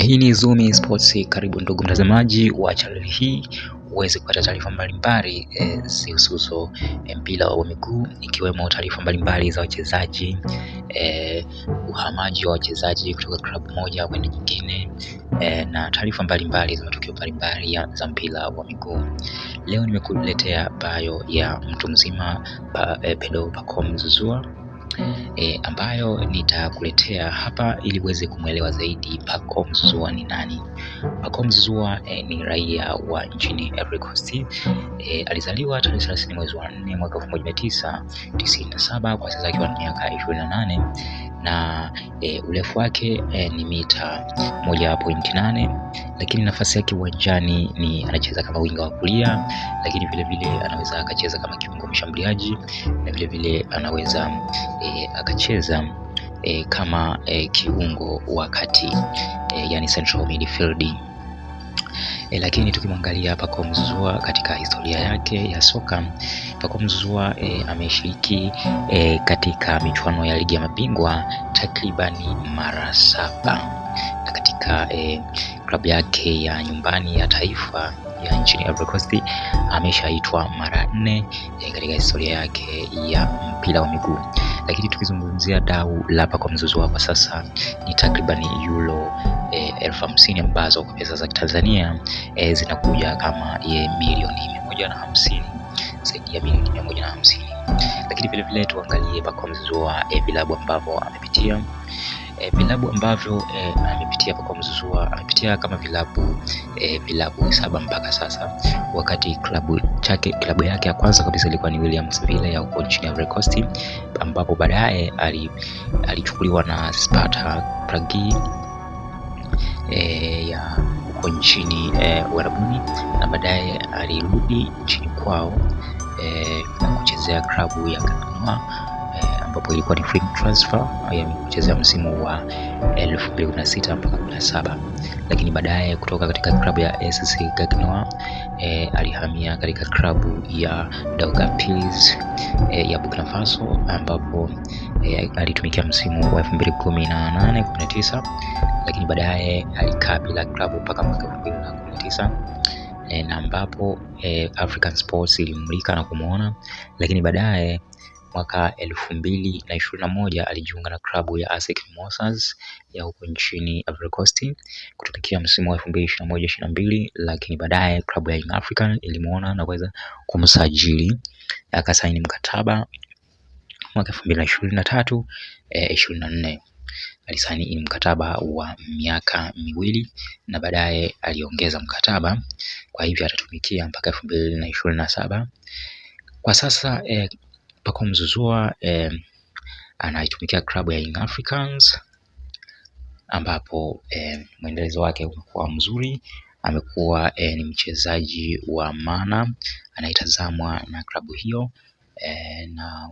Hii ni Zumi Sports. Karibu ndugu mtazamaji wa channel hii uweze kupata taarifa mbalimbali e, eh, zihusuzo mpira wa miguu ikiwemo taarifa mbalimbali za wachezaji e, eh, uhamaji wa wachezaji kutoka klabu moja kwenda nyingine e, na taarifa mbalimbali za matukio mbalimbali za mpira wa miguu. Leo nimekuletea bayo ya mtu mzima pa, e, Pedro Pacome Zouzoua e, ambayo nitakuletea hapa ili uweze kumwelewa zaidi Pacome Zouzoua ni nani. Pacome Zouzoua e, ni raia wa nchini Ivory Coast e, alizaliwa tarehe 30 mwezi wa 4 mwaka 1997 kwa sasa akiwa na miaka 28 na e, urefu wake e, ni mita 1.8, lakini nafasi yake uwanjani ni anacheza kama winga wa kulia, lakini vilevile vile anaweza akacheza kama kiungo mshambuliaji na vilevile vile anaweza e, akacheza e, kama e, kiungo wa kati e, yani central midfield. E, lakini tukimwangalia hapa kwa Mzua katika historia yake ya soka Pacome Zouzoua e, eh, ameshiriki e, katika michuano ya ligi ya mabingwa takribani mara saba na katika e, klabu yake ya nyumbani ya taifa ya nchini Ivory Coast ameshaitwa mara nne e, katika historia yake ya mpira wa miguu. Lakini tukizungumzia dau la Pacome Zouzoua kwa sasa ni takribani euro e, elfu hamsini ambazo kwa pesa za Tanzania e, zinakuja kama ye milioni mia moja na hamsini zaidi ya milioni mia moja na hamsini lakini vilevile tuangalie Pacome Zouzoua e, eh, vilabu ambavyo amepitia e, vilabu ambavyo e, amepitia Pacome Zouzoua amepitia kama vilabu e, vilabu saba mpaka sasa, wakati klabu chake klabu yake ya kwanza kabisa ilikuwa ni Williamsville ya huko nchini Ivory Coast, ambapo baadaye alichukuliwa na Sparta Prague e, ya huko nchini eh, Uarabuni na baadaye alirudi nchini kwao eh, na kuchezea klabu ya Katanoa ambapo ilikuwa ni free transfer kuchezea msimu wa 2006 mpaka 17, lakini baadaye kutoka katika klabu ya SC Gagnoa e, eh, alihamia katika klabu ya Daugavpils e, eh, ya Burkina Faso ambapo e, alitumikia msimu wa 2018 19, lakini baadaye alikaa bila klabu mpaka mwaka 2019 na ambapo eh, African Sports ilimulika na kumwona, lakini baadaye Mwaka elfu mbili na ishirini na moja alijiunga na klabu ya ASEC Mimosas ya huko nchini Ivory Coast kutumikia msimu wa elfu mbili ishirini na moja ishirini na mbili lakini baadaye klabu ya Young African ilimuona na kuweza kumsajili akasaini mkataba mwaka elfu mbili na ishirini na tatu eh, ishirini na nne alisaini mkataba wa miaka miwili na baadaye aliongeza mkataba, kwa hivyo atatumikia mpaka elfu mbili na ishirini na saba. Kwa sasa eh, Paco Mzuzua eh, anaitumikia klabu ya Young Africans ambapo eh, mwendelezo wake umekuwa mzuri. Amekuwa eh, ni mchezaji wa maana anayetazamwa na klabu hiyo eh, na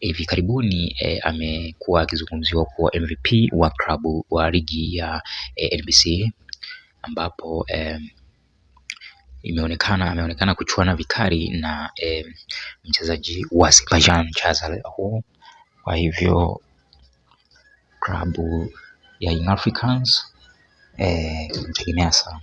hivi karibuni eh, amekuwa akizungumziwa kuwa MVP wa klabu wa ligi ya eh, NBC ambapo eh, imeonekana ameonekana kuchuana vikali na e, mchezaji wa Azerbaijan Chaza leo. Kwa hivyo klabu ya Young Africans e, sana.